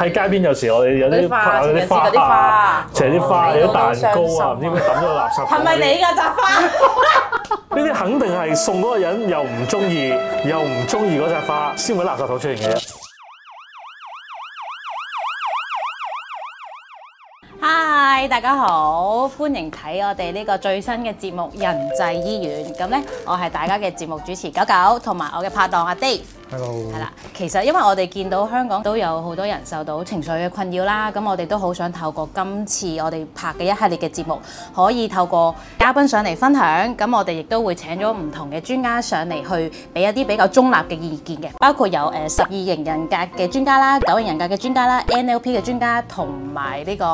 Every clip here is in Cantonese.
喺街邊有時我哋有啲有啲花葩，成啲花有啲蛋糕啊，唔知抌咗垃圾桶。係咪你噶紮花？呢啲肯定係送嗰個人又唔中意，又唔中意嗰扎花，先會垃圾桶出嚟嘅。嗨，大家好，歡迎睇我哋呢個最新嘅節目《人際醫院》。咁咧，我係大家嘅節目主持大狗，同埋我嘅拍檔阿 Dave。係啦 Hello.，其實因為我哋見到香港都有好多人受到情緒嘅困擾啦，咁我哋都好想透過今次我哋拍嘅一系列嘅節目，可以透過嘉賓上嚟分享，咁我哋亦都會請咗唔同嘅專家上嚟去俾一啲比較中立嘅意見嘅，包括有誒十二型人格嘅專家啦、九型人格嘅專家啦、NLP 嘅專家同埋呢個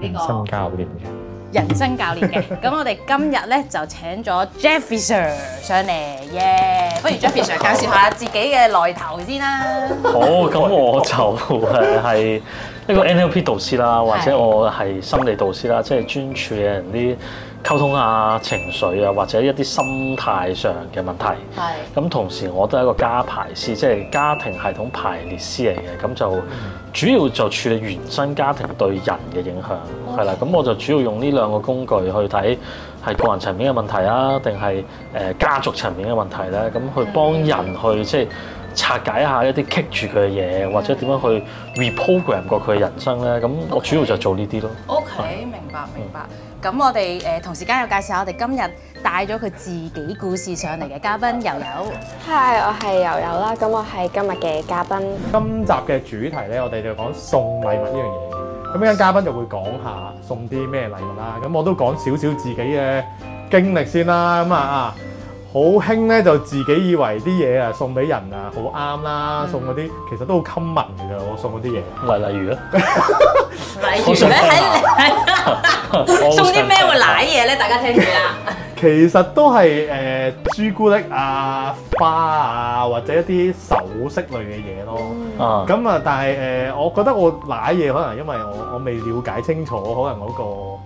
呢個心教練嘅。人生教練嘅，咁我哋今日咧就請咗 Jefficer 上嚟，耶、yeah！不如 Jefficer 介紹下自己嘅來頭先啦。好，咁我就係一個 NLP 導師啦，或者我係心理導師啦，是即係專注嘅人啲，溝通啊、情緒啊，或者一啲心態上嘅問題。係是。咁同時，我都係一個家排師，即係家庭系統排列師嚟嘅。咁就主要就處理原生家庭對人嘅影響係啦。咁 Okay. 我就主要用呢兩個工具去睇係個人層面嘅問題啊，定係誒家族層面嘅問題咧。咁去幫人去、mm hmm. 即係拆解一下一啲棘住佢嘅嘢，mm hmm. 或者點樣去 reprogram 過佢嘅人生咧。咁我主要就做呢啲咯。OK，明白明白。明白 咁我哋誒同時間又介紹，我哋今日帶咗佢自己故事上嚟嘅嘉賓遊遊。嗨，我係遊遊啦，咁我係今日嘅嘉賓。今集嘅主題咧，我哋就講送禮物呢樣嘢。咁呢間嘉賓就會講下送啲咩禮物啦。咁我都講少少自己嘅經歷先啦。咁啊啊，好興咧，就自己以為啲嘢啊送俾人啊好啱啦，送嗰啲其實都好冚文嘅，其實我送嗰啲嘢。例例如咧，例如咩咧？ 送啲咩會瀨嘢咧？大家聽住啦。 其實都係誒、呃、朱古力啊、花啊，或者一啲首飾類嘅嘢咯。咁啊、嗯，但係誒、呃，我覺得我瀨嘢可能因為我我未了解清楚，可能嗰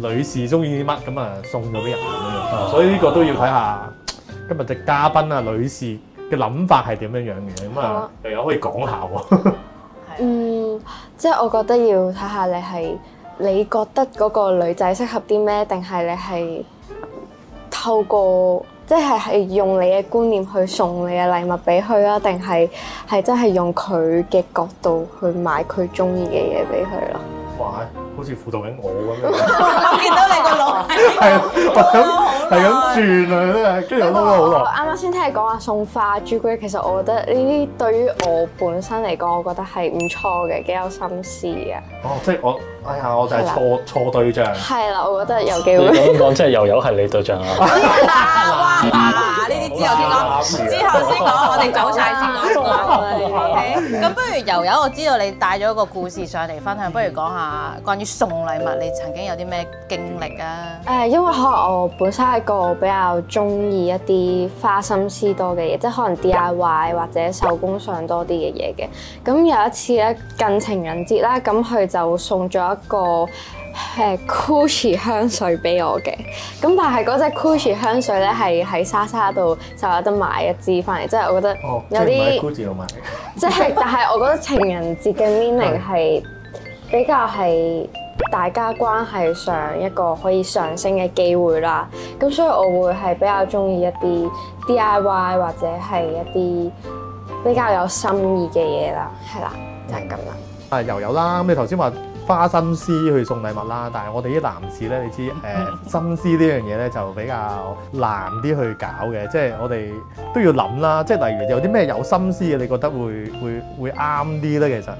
個女士中意啲乜，咁啊送咗俾人咁樣。所以呢個都要睇下今日隻嘉賓啊女士嘅諗法係點樣樣嘅。咁啊，又有、嗯嗯、可以講下喎。 嗯，即係我覺得要睇下你係。你覺得個女仔適合啲咩？定係你係透過即係係用你嘅觀念去送你嘅禮物俾佢啊，定係係真係用佢嘅角度去買佢鍾意嘅嘢俾佢咯？好似輔導緊我咁樣，我見到你個腦係咁係咁轉啊，跟住又撈咗好耐。啱啱先聽你講話送花、朱古力，其實我覺得呢啲對於我本身嚟講，我覺得係唔錯嘅，幾有心思嘅。哦，即係我哎呀，我就係錯錯對象。係啦，我覺得有機會。講一講，即係遊遊係你對象啊！哇，呢啲之後先講，之後先講，我哋走晒先啦。O K，咁不如遊遊，我知道你帶咗個故事上嚟分享，不如講下關於。送禮物你曾經有啲咩經歷啊？誒，因為可能我本身係個比較中意一啲花心思多嘅嘢，即係可能 D I Y 或者手工上多啲嘅嘢嘅。咁有一次咧，近情人節啦，咁佢就送咗一個誒 Gucci、呃、香水俾我嘅。咁但係嗰隻 Gucci 香水咧，係喺莎莎度就有得買一支翻嚟，即係我覺得有啲、哦、即係、 就是，但係我覺得情人節嘅 meaning 係比較係。大家關係上一個可以上升嘅機會啦，咁所以我會係比較中意一啲 DIY 或者係一啲比較有心意嘅嘢啦，係啦，就係、係、咁啦。啊，又有，有啦！咁你頭先話花心思去送禮物啦，但係我哋啲男士咧，你知誒心、呃、思呢樣嘢咧就比較難啲去搞嘅，即係我哋都要諗啦。即係例如有啲咩有心思嘅，你覺得會會會啱啲咧？其實誒。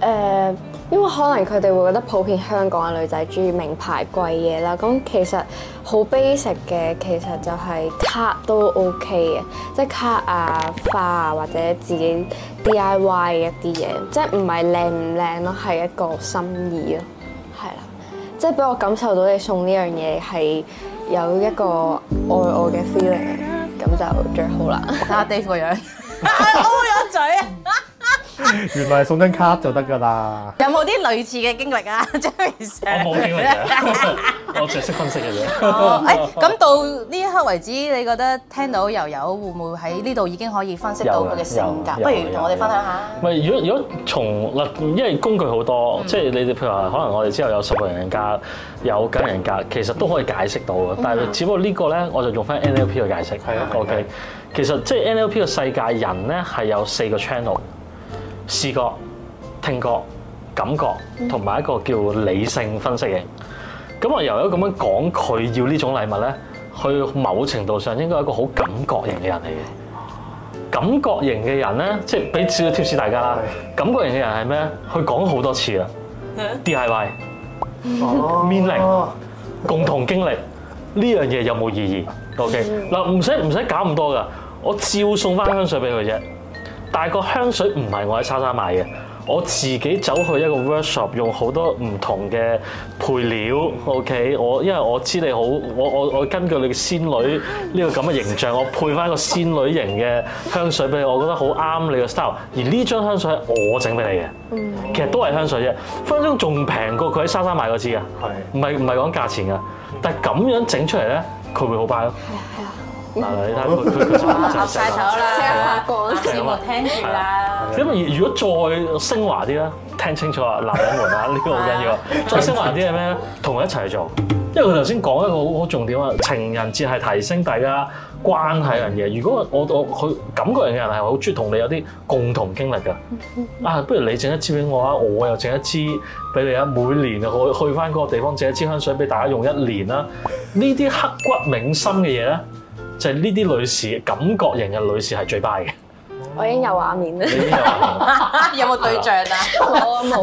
呃因為可能佢哋會覺得普遍香港嘅女仔中意名牌貴嘢啦，咁其實好 basic 嘅，其實就係卡都 OK 嘅，即係卡啊、花啊或者自己 DIY 一啲嘢，即係唔係靚唔靚咯，係一個心意咯，係啦，即係俾我感受到你送呢樣嘢係有一個愛我嘅 feeling，咁就最好啦。Dave 個樣，O 咗嘴。 原來送張卡就得噶啦！有冇啲類似嘅經歷啊？張明成， 我冇經歷 我只係識分析嘅啫。咁、 oh, 欸、到呢一刻為止，你覺得聽到又悠會唔會喺呢度已經可以分析到佢嘅性格？ 不如同我哋分享下。咪如果如果從嗱，因為工具好多，即係你哋譬如話，可能我哋之後有十個人格，有九人格，其實都可以解釋到嘅。但係，只不過個呢個咧，我就用翻 N L P 嘅解釋。係啊、嗯，OK。其實即係 N L P 嘅世界人呢，人咧係有四個 channel。視覺、聽覺、感覺同埋一個叫理性分析型。咁啊，由一咁樣講，佢要呢種禮物咧，佢某程度上應該係一個好感覺型嘅人嚟嘅。感覺型嘅人咧，即係俾少少貼士大家啦。感覺型嘅人係咩咧？佢講好多次啦，DIY、Meaning，共同經歷呢樣嘢有冇意義？O.K. 嗱，唔使唔使搞咁多噶，我照送翻香水俾佢啫。但係個香水唔係我喺莎莎買嘅，我自己走去一個 workshop，用好多唔同嘅配料，OK？我因為我知你好，我我我根據你嘅仙女呢個咁嘅形象，我配翻一個仙女型嘅香水俾你，我覺得好啱你嘅 style。而呢樽香水係我整俾你嘅，其實都係香水啫，分分鐘仲平過佢喺莎莎買嗰支嘅。係，唔係唔係講價錢㗎，但係咁樣整出嚟咧，佢會好賣咯。係啊，係啊。嗱，啦，你睇佢佢佢想就係啦，講事我聽住啦。咁啊，如果再升華啲啦，聽清楚啊，男人們啊，呢、呢個好緊要。再升 華啲係咩咧？同我一齊做，因為佢頭先講一個好好重點啊，情人節係提升大家關係樣嘢。如果我我佢感覺型嘅人係好中意同你有啲共同經歷㗎。啊，不如你整一支俾我啊，我又整一支俾你啊。每年啊，去去翻嗰個地方整一支香水俾大家用一年啦。呢啲刻骨銘心嘅嘢咧～就係呢啲女士，感覺型嘅女士係最 by 嘅。我已經有畫面啦。有冇對象啊？我冇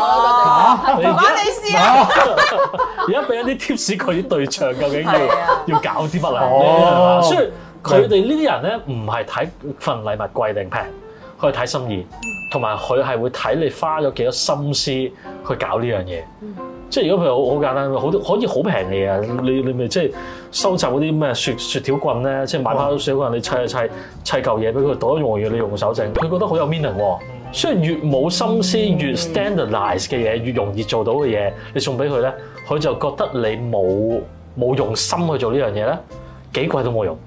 啊。屌，玩你試而家俾一啲貼士，佢啲對象，究竟要要搞啲乜嘢？所以佢哋呢啲人咧，唔係睇份禮物貴定平，佢係睇心意，同埋佢係會睇你花咗幾多心思去搞呢樣嘢。即係如果譬如好好簡單，好可以好平嘅嘢啊！你你咪即係收集嗰啲咩雪雪條棍咧，即係買翻到雪條棍，你砌一砌砌嚿嘢俾佢，袋一用完你用手整，佢覺得好有 meaning 喎。哦。雖然越冇心思、越 standardize 嘅嘢、越容易做到嘅嘢，你送俾佢咧，佢就覺得你冇冇用心去做呢樣嘢咧，幾貴都冇用。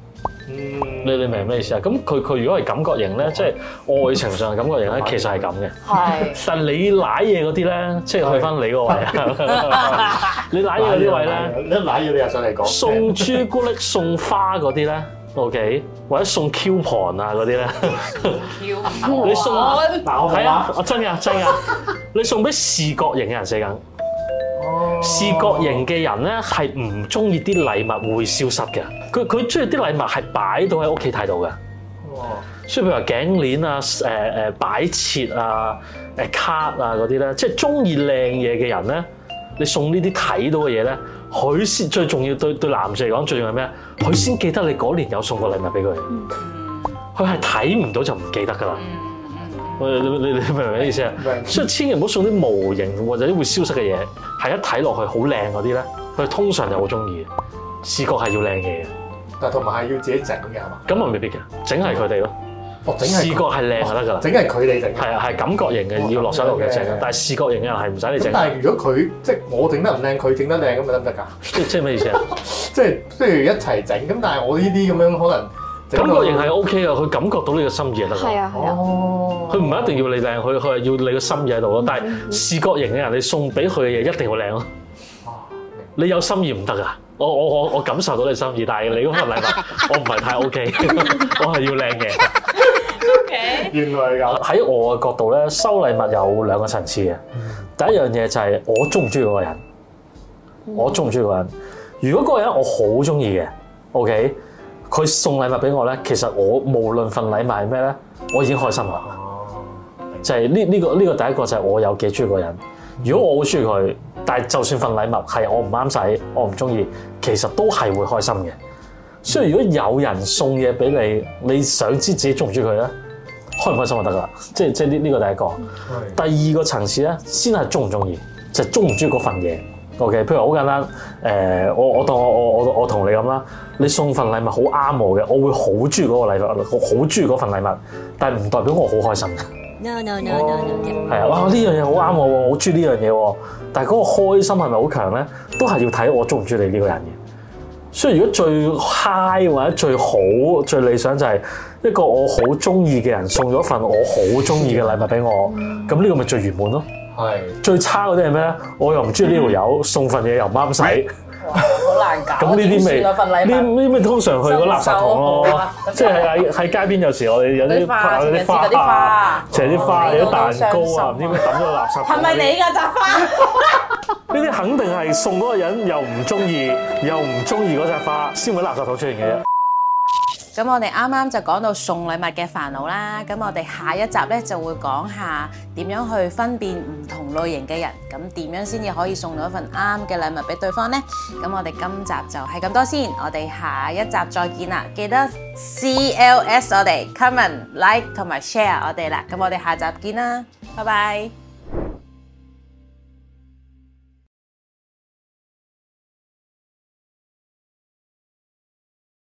嗯，你你明咩意思啊？咁佢佢如果係感覺型咧，嗯、即係愛情上係感覺型咧， 其實係咁嘅。係的，但係你舐嘢嗰啲咧，即係去翻你個位。啊。你舐嘢嗰啲位咧，一舐嘢你又上嚟講。送朱古力、送花嗰啲咧，OK，或者送 Q 盤啊嗰啲咧，你送嗱，哦、我，係啊，我真噶真噶，真 你送俾視覺型嘅人食緊。視覺型嘅人咧，係唔中意啲禮物會消失嘅，佢佢中意啲禮物係擺到喺屋企睇到嘅。哦哇，所以譬如話頸鏈啊，誒誒擺設啊，誒、啊、卡啊嗰啲咧，即係中意靚嘢嘅人咧，你送呢啲睇到嘅嘢咧，佢先最重要，對對男士嚟講最重要係咩？佢先記得你嗰年有送過禮物俾佢。佢係睇唔到就唔記得噶啦。嗯你明唔明咩意思啊？嗯嗯、所以千祈唔好送啲模型或者啲會消失嘅嘢，係、嗯、一睇落去好靚嗰啲咧，佢通常就好中意嘅。視覺係要靚嘅嘢，但係同埋係要自己整咁樣係嘛？咁咪未必嘅，整係佢哋咯。哦，整係靚就得㗎啦，整係佢哋整。係啊，係感覺型嘅、哦、要落手落腳整，但係視覺型嘅又係唔使你整。 但係如果佢即係我整得唔靚，佢整得靚咁咪得唔得㗎？即係咩意思啊？即係不如一齊整咁，但係我呢啲咁樣可能。感覺型係 O K 啊，佢感覺到你嘅心意就得㗎。係啊係啊。哦。佢唔係一定要你靚，佢佢係要你嘅心意喺度咯。但係視覺型嘅人，你送俾佢嘅嘢一定會靚咯。哦。你有心意唔得㗎。我我我我感受到你心意，但係你嗰份禮物我唔係太 O K，我係要靚嘅。O K。原來係咁。喺我嘅角度咧，收禮物有兩個層次嘅。第一樣嘢就係我中唔中意嗰個人。我中唔中意嗰個人？如果嗰個人我好中意嘅，O K。佢送禮物俾我咧，其實我無論份禮物係咩咧，我已經開心啦。就係呢呢個呢個第一個，就係我有幾中意個人。如果我好中意佢，但係就算份禮物係我唔啱使，我唔中意，其實都係會開心嘅。所以如果有人送嘢俾你，你想知自己中唔中意佢咧，開唔開心就得㗎啦。即係即係呢呢個第一個。第二個層次咧，先係中唔中意，就係中唔中意嗰份嘢。OK，譬如好簡單，誒、欸，我我當我我我同你咁啦，你送份禮物好啱我嘅，我會好中意嗰個禮物，我好中意嗰份禮物，但唔代表我好開心 No no no no no, no、 嗯。係啊，哇！呢樣嘢好啱我喎，我好中意呢樣嘢喎，但係嗰個開心係咪好強咧？都係要睇我中唔中意你呢個人嘅。所以如果最 high 或者最好最理想就係一個我好中意嘅人送咗份我好中意嘅禮物俾我，咁呢個咪最圓滿咯。係最差嗰啲係咩咧？我又唔中意呢條友，送份嘢又唔啱使，好難搞。咁呢啲咪呢啲咩？通常去嗰垃圾桶咯，即係喺喺街邊有時我哋有啲擺啲花啊，成日啲花，有啲蛋糕啊，唔知抌咗個垃圾。係咪你噶紮花？呢啲肯定係送嗰個人又唔中意，又唔中意嗰扎花，先揾垃圾桶出現嘅。啫。咁我哋啱啱就講到送禮物嘅煩惱啦，咁我哋下一集咧就會講下點樣去分辨唔同類型嘅人，咁點樣先至可以送到一份啱嘅禮物俾對方咧？咁我哋今集就係咁多先，我哋下一集再見啦！記得 CLS 我哋，Comment、Like 同埋 Share 我哋啦，咁我哋下集見啦，拜拜。